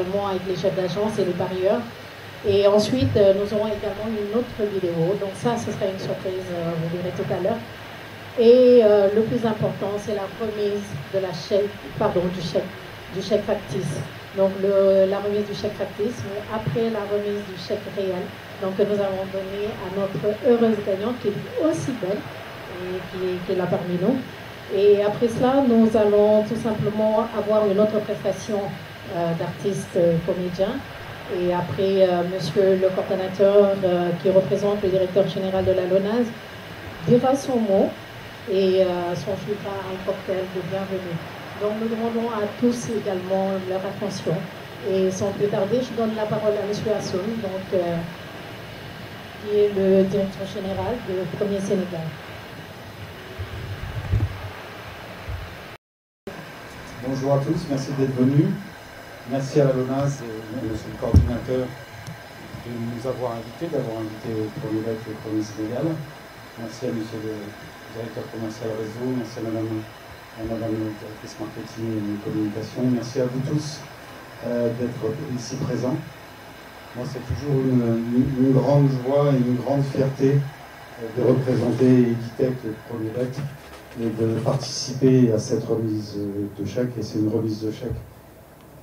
également avec les chefs d'agence et les parieurs. Et ensuite, euh, nous aurons également une autre vidéo. Donc ça, ce sera une surprise, euh, vous verrez tout à l'heure. Et euh, le plus important, c'est la remise de la chèque, pardon, du chèque, du chèque factice. Donc le, la remise du chèque factice, mais après la remise du chèque réel, donc que nous avons donné à notre heureuse gagnante, qui est aussi belle et qui, qui est là parmi nous. Et après cela, nous allons tout simplement avoir une autre prestation Euh, d'artistes euh, comédiens. Et après, euh, monsieur le coordonnateur qui représente le directeur général de la LONAS dira son mot et son suivra un de bienvenue. Donc nous demandons à tous également leur attention. Et sans plus tarder, je donne la parole à monsieur Assoum, donc, qui est le directeur général de Premier Sénégal. Merci à la LONAS et monsieur le coordinateur de nous avoir invités, d'avoir invité Premier Lac et Premier Sénégal. Merci à monsieur le directeur commercial réseau, merci à madame, à madame la directrice marketing et communication. Merci à vous tous euh, d'être ici présents. c'est toujours une, grande joie et une grande fierté euh, de représenter Editech Premier Lac et de participer à cette remise de chèque, et c'est une remise de chèque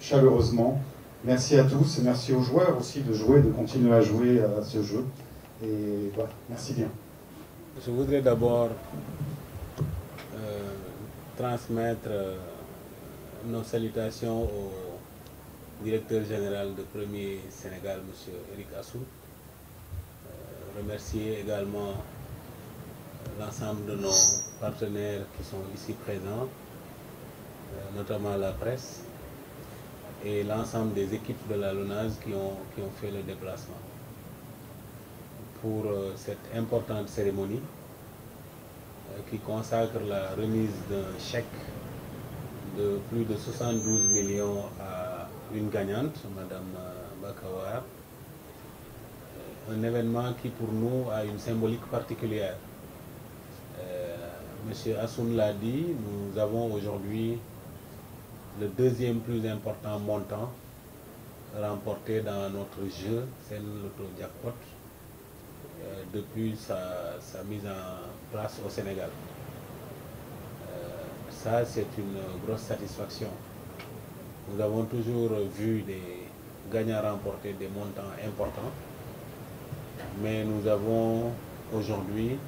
chaleureusement. Merci à tous et merci aux joueurs aussi de jouer, de continuer à jouer euh, à ce jeu. Et voilà, merci bien. Je voudrais d'abord euh, transmettre euh, nos salutations au directeur général de Premier Sénégal, M. Eric Assou. Euh, remercier également l'ensemble de nos partenaires qui sont ici présents, notamment la presse et l'ensemble des équipes de la LONASE qui ont, qui pour euh, cette importante cérémonie euh, qui consacre la remise de plus de 72 millions à une gagnante, Madame euh, euh, pour nous a une symbolique le deuxième plus important montant remporté dans notre jeu, c'est l'auto-jackpot, euh, depuis sa, sa, mise en place au Sénégal. Euh, ça, c'est une grosse satisfaction. Nous avons toujours vu des gagnants remporter des montants importants, mais nous avons aujourd'hui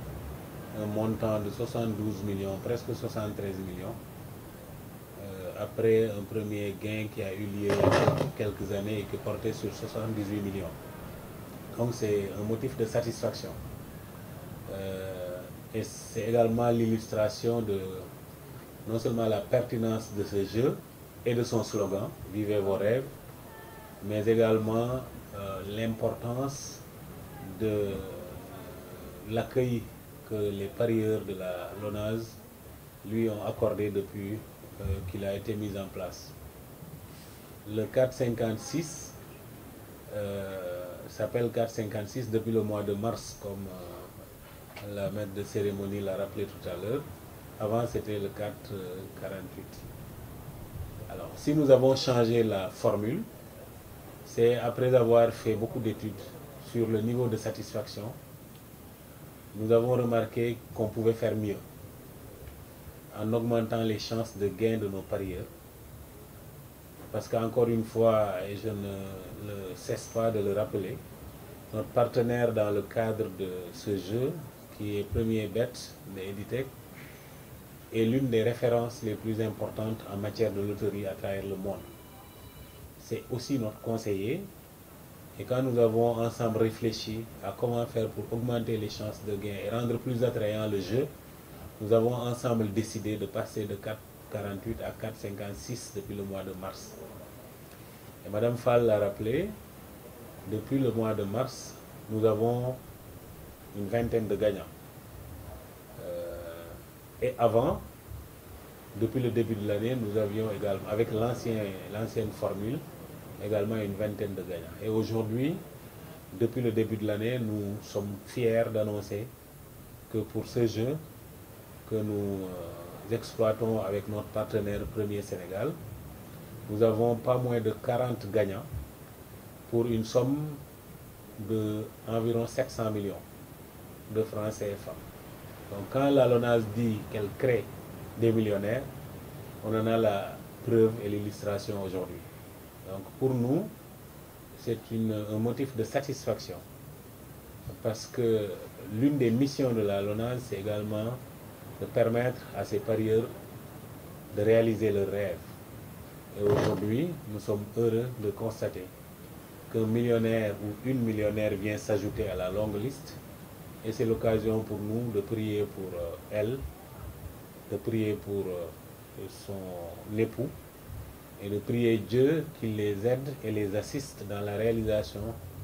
un montant de 72 millions, presque 73 millions, après un premier gain qui a eu lieu il y a quelques années et qui portait sur 78 millions. Donc c'est un motif de satisfaction. Euh, et c'est également l'illustration de non seulement la pertinence de ce jeu et de son slogan, Vivez vos rêves, mais également euh, l'importance de l'accueil que les parieurs de la LONAS lui ont accordé depuis Euh, qu'il a été en place. Le 456 euh, s'appelle 456 depuis le mois de mars, comme euh, la maître de cérémonie l'a rappelé tout à l'heure. Avant, le 448. Alors, changé la formule, c'est après avoir fait beaucoup d'études le niveau de satisfaction, nous avons remarqué qu'on pouvait en augmentant les chances de gain de nos parieurs. Parce qu'encore une fois, et je ne le cesse pas de le rappeler, notre partenaire dans le cadre de ce jeu, qui est Premier Bet de Editech, est l'une des références les plus importantes en matière de loterie à travers le monde. C'est aussi notre conseiller. Et quand nous avons ensemble réfléchi à comment faire pour augmenter les chances de gain et rendre plus attrayant le jeu, nous avons ensemble décidé de passer de 4,48 à 4,56 depuis le mois de mars. Et Madame Fall l'a rappelé, depuis le mois de mars, nous avons une vingtaine de gagnants. Euh, et avant, depuis le début de l'année, nous avions également, avec l'ancienne formule, également une vingtaine de gagnants. Et aujourd'hui, depuis le début de l'année, nous sommes fiers d'annoncer que pour ce jeu, que nous euh, exploitons avec notre partenaire Premier Sénégal, nous avons pas moins de 40 gagnants pour une somme de environ 700 millions de francs CFA. Donc quand la LONAS dit qu'elle crée des millionnaires, on en a la preuve et l'illustration aujourd'hui. Donc pour nous, c'est un motif de satisfaction parce que l'une des missions de la LONAS, c'est également de permettre à ces parieurs de réaliser leurs rêves. Et aujourd'hui, nous sommes heureux de constater qu'un millionnaire ou une millionnaire vient s'ajouter à la longue liste. Et c'est l'occasion pour nous de prier pour euh, elle, pour euh, son époux et de prier Dieu qu'il les aide et les assiste dans la réalisation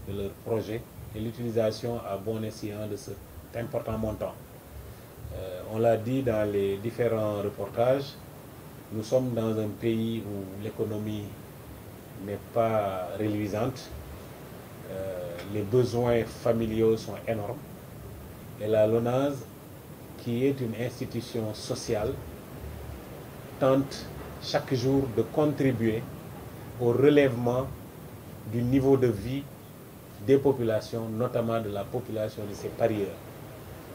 de leur projet et l'utilisation à bon escient de cet important montant. Euh, on l'a dit dans les différents reportages, nous sommes dans un pays où l'économie n'est pas réluisante. Euh, les besoins familiaux sont énormes. Et la LONAS, qui est une institution sociale, tente chaque jour de contribuer au relèvement du niveau de vie des populations, notamment de la population de ses parieurs.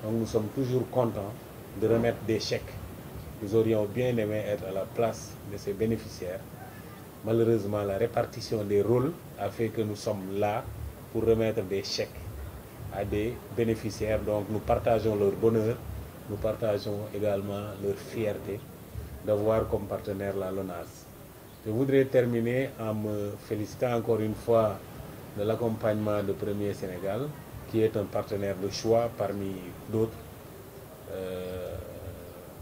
Donc nous sommes toujours contents de remettre des chèques. Nous aurions bien aimé être à la place de ces bénéficiaires. Malheureusement, la répartition des rôles a fait que nous sommes là pour remettre des chèques à des bénéficiaires. Donc nous partageons leur bonheur, nous partageons également leur fierté d'avoir comme partenaire la LONAS. Je voudrais terminer en me félicitant encore une fois de l'accompagnement de Premier Sénégal, qui est un partenaire de choix parmi d'autres, euh,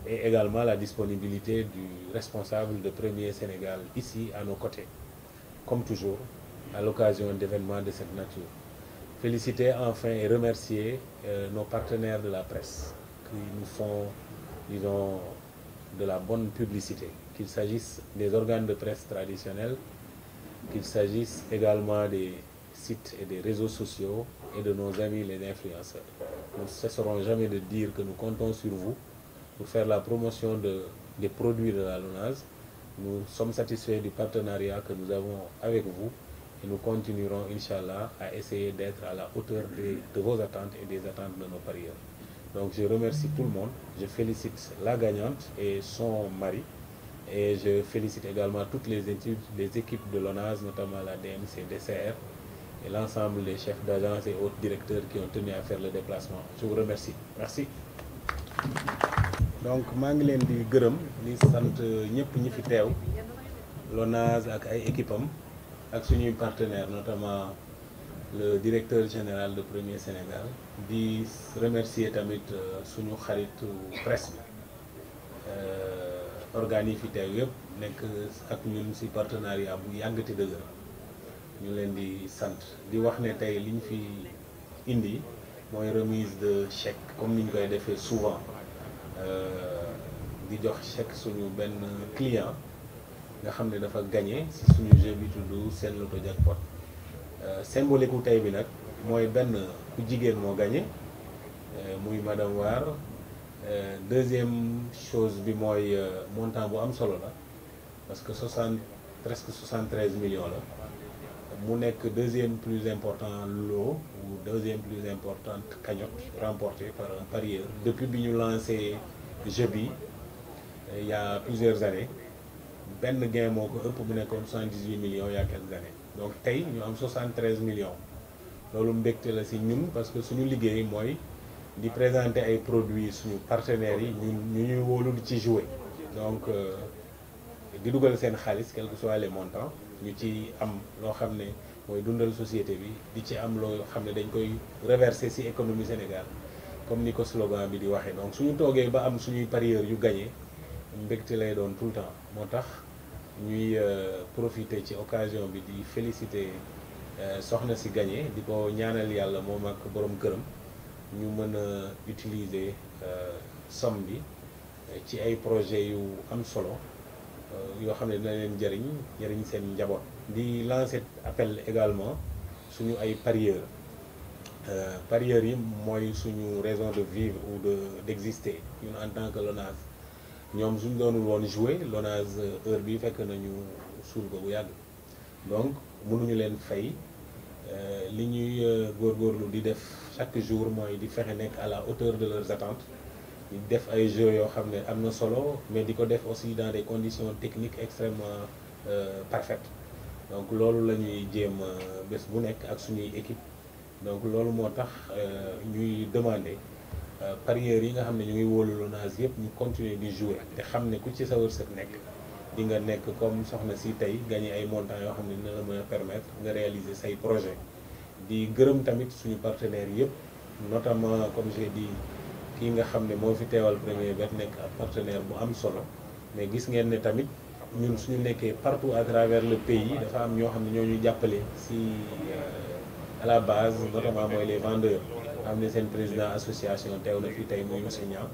et également la disponibilité du responsable de Premier Sénégal ici à nos côtés, comme toujours, à l'occasion d'événements de cette nature. Féliciter enfin et remercier euh, nos partenaires de la presse qui nous font, disons, de la bonne publicité, qu'il s'agisse des organes de presse traditionnels, qu'il s'agisse également des sites et des réseaux sociaux, et de nos amis les influenceurs. ne cesserons jamais de dire que nous comptons sur vous pour faire la promotion de, des produits de la LONASE. Nous sommes satisfaits du partenariat que nous avons avec vous et nous continuerons, Inch'Allah, à essayer d'être à la hauteur de, de vos attentes et des attentes de nos parieurs. Donc je remercie tout le monde, je félicite la gagnante et son mari et je félicite également toutes les équipes, les de l'ONAS, notamment la DMC, et l'ensemble des chefs d'agence et autres directeurs qui ont tenu à faire le déplacement je vous merci donc maa ngi leen di gërëm di sant ñëpp ñi fi teew l'ONAS ak ay équipe am ak suñuy partenaire notamment le directeur général de Premier Sénégal di remercier tamit euh, suñu xaritu presse bi euh, organes yi fi teew yëpp nekk ak ñun ci partenariat bu yàggati dëgër ñu leen di sant di wax ne tey li ñu fi indi mooy remise de chèque comme ni ñu koy defee souvent euh, di jox chèque suñu benn client nga xam ne dafa gañe ci suñu jeu bi tudd seen loto jackpot euh, symbolique wu tey bi nag mooy benn ku jigéen moo gagné euh, muy madame War deuxième chose bi mooy montant bu am solo la parce que soixante presque soixante-treize millions la. mu nekk deuxième plus important lot ou deuxième plus importante cagnotte remportée par un parieur depuis bi ñu lancé jeu bi il y a plusieurs années benn gain moo ko ëpp mu nekkoon 118 millions il y a quelques années donc tey ñu am 73 millions loolu mbégte la si ñun parce que suñu liggéey mooy di présenter ay produits suñu partenaires yi ñu ñu ñuy wóolu ci jouer donc. Euh, di dugal seen xaalis quel que soit les montants ñu ci am loo xam ne mooy dundal société bi di ci am loo xam ne dañ koy reverser ci économie Sénégal comme ni ko slogan bi di waxee donc suñu toogee ba am suñuy parieurs yu gagné mbégte lay doon tout le temps moo tax ñuy euh, profité ci occasion bi di féliciter euh, soxna si gagné di ko ñaanal yàlla moom ak borom këram ñu mën a utiliser euh, somme bi ci ay projets yu am solo Euh, yoo xam ne dina leen jëriñ jëriñ seen njaboot. di lancer appel également suñu ay parieurs euh, parieurs yi mooy suñu raison de vivre ou de d'exister ñun en tant que LONASE ñoom suñu doonul woon jouer LONASE euh, heure bi fekk nañu suul ko bu yàgg donc mënuñu leen fay li ñuy góor góorgóorlu di def chaque jour mooy di fexe nekk à la hauteur de leurs attentes def ay jeux yoo xam ne am na solo mais di ko def aussi dans des conditions techniques extrêmement euh, parfaites donc loolu la ñuy jéem euh, bés bu nekk ak suñuy équipe donc loolu moo tax euh, ñuy demander parieurs yi nga xam ne ñu ngi wóolu Lonase yëpp ñu continuer di jouer te xam ne ku ci sa wërsëg nekk di nga nekk comme soxna si tey gagné ay montants yoo xam ne na la mën a permettre nga réaliser say projet di gërëm tamit suñu partenaire yëpp notamment comme j'ai dit kii nga xam ne moo fi teewal Premier Bet nekk ak partenaire bu am solo mais gis ngeen ne tamit ñun suñu nekkee partout à travers le pays dafa am ñoo xam ne ñoo ñu jàppale si euh, à la base notamment mooy les vendeurs am ne seen président association teew na fii tey muy monsieur Niang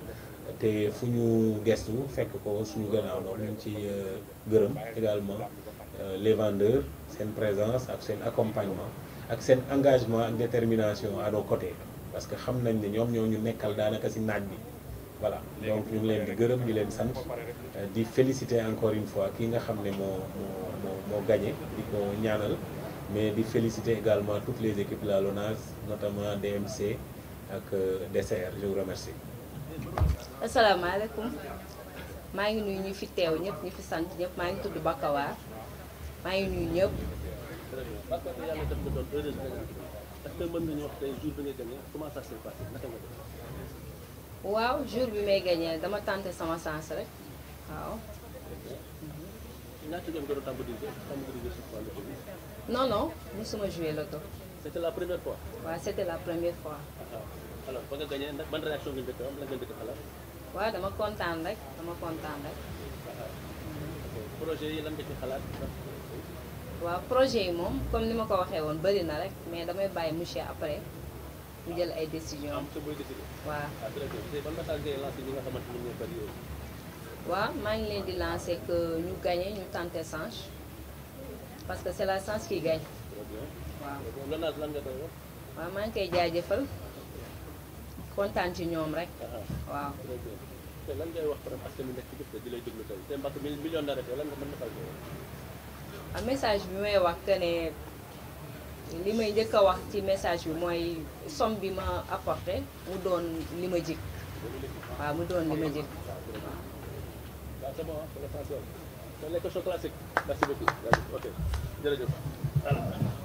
te fu ñu gestu fekk ko suñu gannaaw loolu ñu ci euh, gërëm également euh, les vendeurs seen présence ak seen accompagnement ak seen engagement ak détermination à côté parce que xam nañ ni ñoom ñoo ñu nekkal daanaka si naaj bi voilà donc ñu ngi leen di gërëm di leen sant euh, di féliciter encore une fois ki nga xam ne moo moo moo gagné di ko ñaanal mais di féliciter également toutes les équipes la LONASE notamment DMC ak euh, DCR je vous remercie. asalaamaaleykum maa ngi nuyu ñu fi teew ñëpp ñu fi sant ñëpp maa ngi tudd Bakawaar maa ngi nuyu ñëpp. est-ce mën nañu wax tey jour bi nga gagné comment ça s'est passé nga def. waaw jour bi may gagné dama tenté sama sens rek waaw. ñaata yoon nga doon tàmbali tàmbali jël sur wàllu bi. non non mosuma joué loto. c'était la première fois. waaw c'était la première fois. waaw ah, ah. alors ba nga gagné ndax ban réaction nga njëkk am xalaat. waaw dama kontaan rek dama kontaan rek. Ah, projet yi lan nga xalaat. waaw projet yi moom comme ni ma ko waxee woon bëri na rek mais damay bàyyi monsieur après mu jël ay décision waaw ah, waaw maa ngi leen di lancer que ñu gagné ñu tenté change parce que c'est la chance qui gagne waaw waaw maa ngi koy jaajëfal kontaan ci ñoom rek ah, ah. waaw te lan ngay wax parce que mi nekk ci gis di message bi may wax que ne li may njëkk a wax ci message bi mooy somme bi ma apporté mu doon li ma jik m mu doon li ma jik waaw. Merci beaucoup. Ok. Jërëjëf.